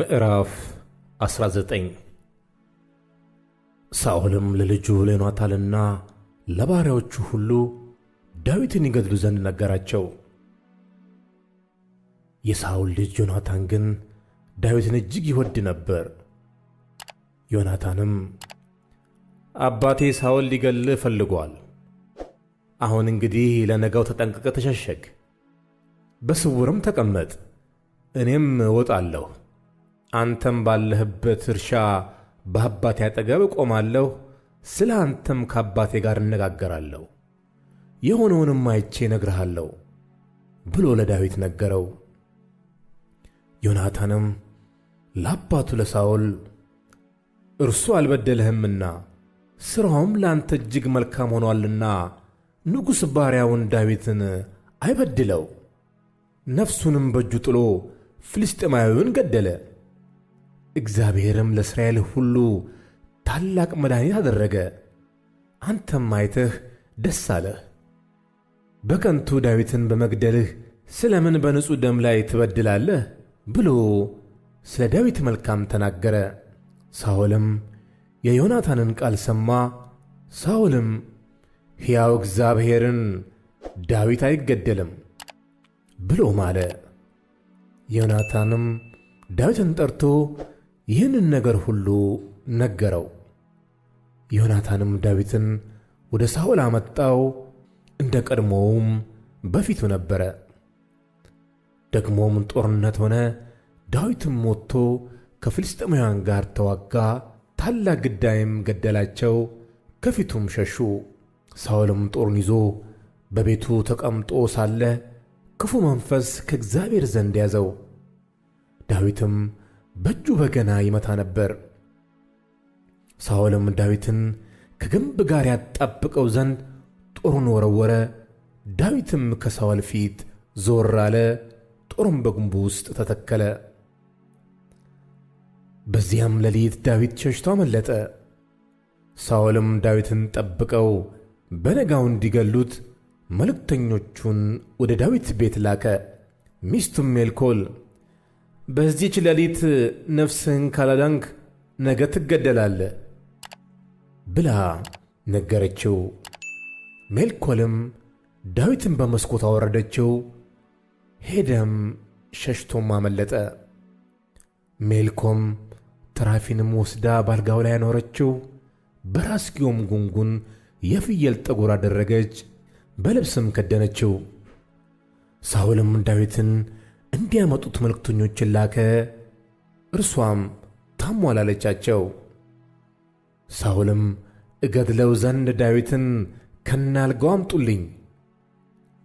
ምዕራፍ 19 ሳኦልም ለልጁ ለዮናታንና ለባሪያዎቹ ሁሉ ዳዊትን ይገድሉ ዘንድ ነገራቸው። የሳኦል ልጅ ዮናታን ግን ዳዊትን እጅግ ይወድ ነበር። ዮናታንም አባቴ ሳኦል ሊገልህ ፈልጓል። አሁን እንግዲህ ለነገው ተጠንቅቀ ተሸሸግ፣ በስውርም ተቀመጥ፣ እኔም እወጣለሁ አንተም ባለህበት እርሻ በአባቴ አጠገብ እቆማለሁ፣ ስለ አንተም ከአባቴ ጋር እነጋገራለሁ፣ የሆነውንም አይቼ እነግርሃለሁ ብሎ ለዳዊት ነገረው። ዮናታንም ለአባቱ ለሳኦል እርሱ አልበደለህምና ሥራውም ለአንተ እጅግ መልካም ሆኗልና ንጉሥ ባሪያውን ዳዊትን አይበድለው፣ ነፍሱንም በእጁ ጥሎ ፍልስጥኤማዊውን ገደለ እግዚአብሔርም ለእስራኤል ሁሉ ታላቅ መድኃኒት አደረገ። አንተም አይተህ ደስ አለህ። በከንቱ ዳዊትን በመግደልህ ስለ ምን በንጹሕ ደም ላይ ትበድላለህ? ብሎ ስለ ዳዊት መልካም ተናገረ። ሳኦልም የዮናታንን ቃል ሰማ። ሳኦልም ሕያው እግዚአብሔርን ዳዊት አይገደልም ብሎ ማለ። ዮናታንም ዳዊትን ጠርቶ ይህንን ነገር ሁሉ ነገረው። ዮናታንም ዳዊትን ወደ ሳኦል አመጣው፣ እንደ ቀድሞውም በፊቱ ነበረ። ደግሞም ጦርነት ሆነ። ዳዊትም ወጥቶ ከፍልስጥኤማውያን ጋር ተዋጋ፣ ታላቅ ግዳይም ገደላቸው፣ ከፊቱም ሸሹ። ሳኦልም ጦሩን ይዞ በቤቱ ተቀምጦ ሳለ ክፉ መንፈስ ከእግዚአብሔር ዘንድ ያዘው። ዳዊትም በእጁ በገና ይመታ ነበር። ሳኦልም ዳዊትን ከግንብ ጋር ያጣብቀው ዘንድ ጦሩን ወረወረ። ዳዊትም ከሳኦል ፊት ዞር አለ፣ ጦሩም በግንቡ ውስጥ ተተከለ። በዚያም ሌሊት ዳዊት ሸሽቶ አመለጠ። ሳኦልም ዳዊትን ጠብቀው በነጋው እንዲገሉት መልእክተኞቹን ወደ ዳዊት ቤት ላከ። ሚስቱም ሜልኮል በዚች ሌሊት ነፍስህን ካላዳንክ ነገ ትገደላለ ብላ ነገረችው። ሜልኮልም ዳዊትን በመስኮት አወረደችው። ሄደም ሸሽቶም አመለጠ። ሜልኮም ትራፊንም ወስዳ ባልጋው ላይ ያኖረችው፣ በራስጌውም ጉንጉን የፍየል ጠጉር አደረገች፣ በልብስም ከደነችው። ሳውልም ዳዊትን እንዲያመጡት መልእክተኞችን ላከ። እርሷም ታሟል አለቻቸው። ሳውልም እገድለው ዘንድ ዳዊትን ከናልጋው አምጡልኝ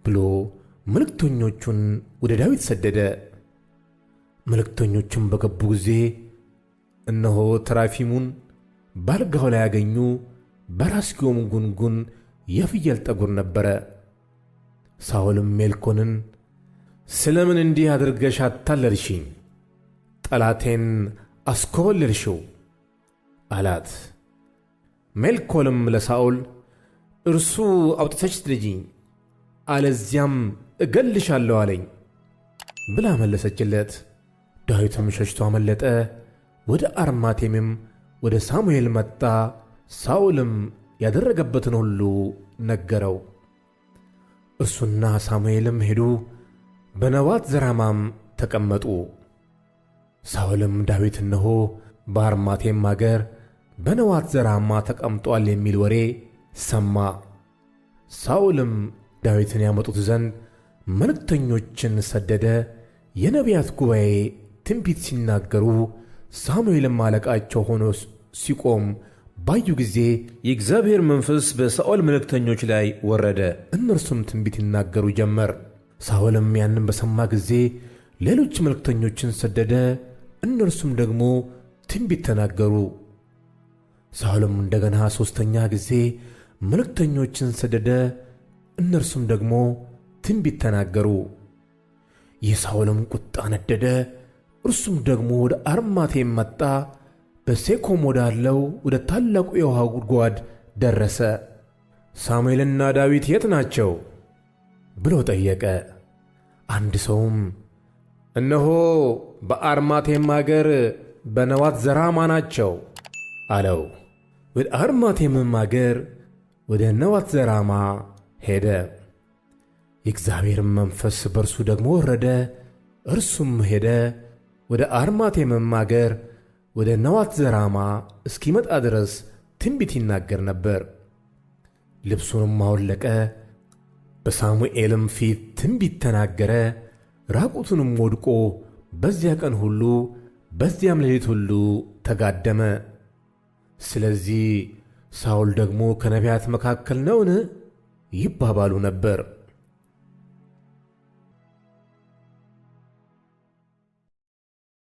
ብሎ መልእክተኞቹን ወደ ዳዊት ሰደደ። መልእክተኞቹም በገቡ ጊዜ እነሆ ተራፊሙን ባልጋው ላይ ያገኙ፣ በራስጌውም ጉንጉን የፍየል ጠጉር ነበረ። ሳውልም ሜልኮንን ስለምን እንዲህ አድርገሽ አታለልሽኝ? ጠላቴን አስኮበለልሽው አላት። ሜልኮልም ለሳኦል እርሱ አውጥተች ልጅኝ አለዚያም እገልሻለሁ አለኝ ብላ መለሰችለት። ዳዊትም ሸሽቶ አመለጠ። ወደ አርማቴምም ወደ ሳሙኤል መጣ። ሳኦልም ያደረገበትን ሁሉ ነገረው። እርሱና ሳሙኤልም ሄዱ። በነዋት ዘራማም ተቀመጡ። ሳውልም ዳዊት እነሆ በአርማቴም አገር በነዋት ዘራማ ተቀምጧል የሚል ወሬ ሰማ። ሳውልም ዳዊትን ያመጡት ዘንድ መልእክተኞችን ሰደደ። የነቢያት ጉባኤ ትንቢት ሲናገሩ ሳሙኤልም አለቃቸው ሆኖ ሲቆም ባዩ ጊዜ የእግዚአብሔር መንፈስ በሳኦል መልእክተኞች ላይ ወረደ፣ እነርሱም ትንቢት ይናገሩ ጀመር። ሳውልም ያንን በሰማ ጊዜ ሌሎች መልክተኞችን ሰደደ፣ እነርሱም ደግሞ ትንቢት ተናገሩ። ሳውልም እንደገና ሦስተኛ ጊዜ መልክተኞችን ሰደደ፣ እነርሱም ደግሞ ትንቢት ተናገሩ። የሳውልም ቁጣ ነደደ፣ እርሱም ደግሞ ወደ አርማቴም መጣ። በሴኮም ወዳለው ወደ ታላቁ የውሃ ጉድጓድ ደረሰ። ሳሙኤልና ዳዊት የት ናቸው? ብሎ ጠየቀ። አንድ ሰውም እነሆ በአርማቴም አገር በነዋት ዘራማ ናቸው አለው። ወደ አርማቴምም አገር ወደ ነዋት ዘራማ ሄደ። የእግዚአብሔርም መንፈስ በእርሱ ደግሞ ወረደ። እርሱም ሄደ ወደ አርማቴምም አገር ወደ ነዋት ዘራማ እስኪመጣ ድረስ ትንቢት ይናገር ነበር። ልብሱንም አወለቀ፣ በሳሙኤልም ፊት ትንቢት ተናገረ። ራቁቱንም ወድቆ በዚያ ቀን ሁሉ በዚያም ሌሊት ሁሉ ተጋደመ። ስለዚህ ሳውል ደግሞ ከነቢያት መካከል ነውን? ይባባሉ ነበር።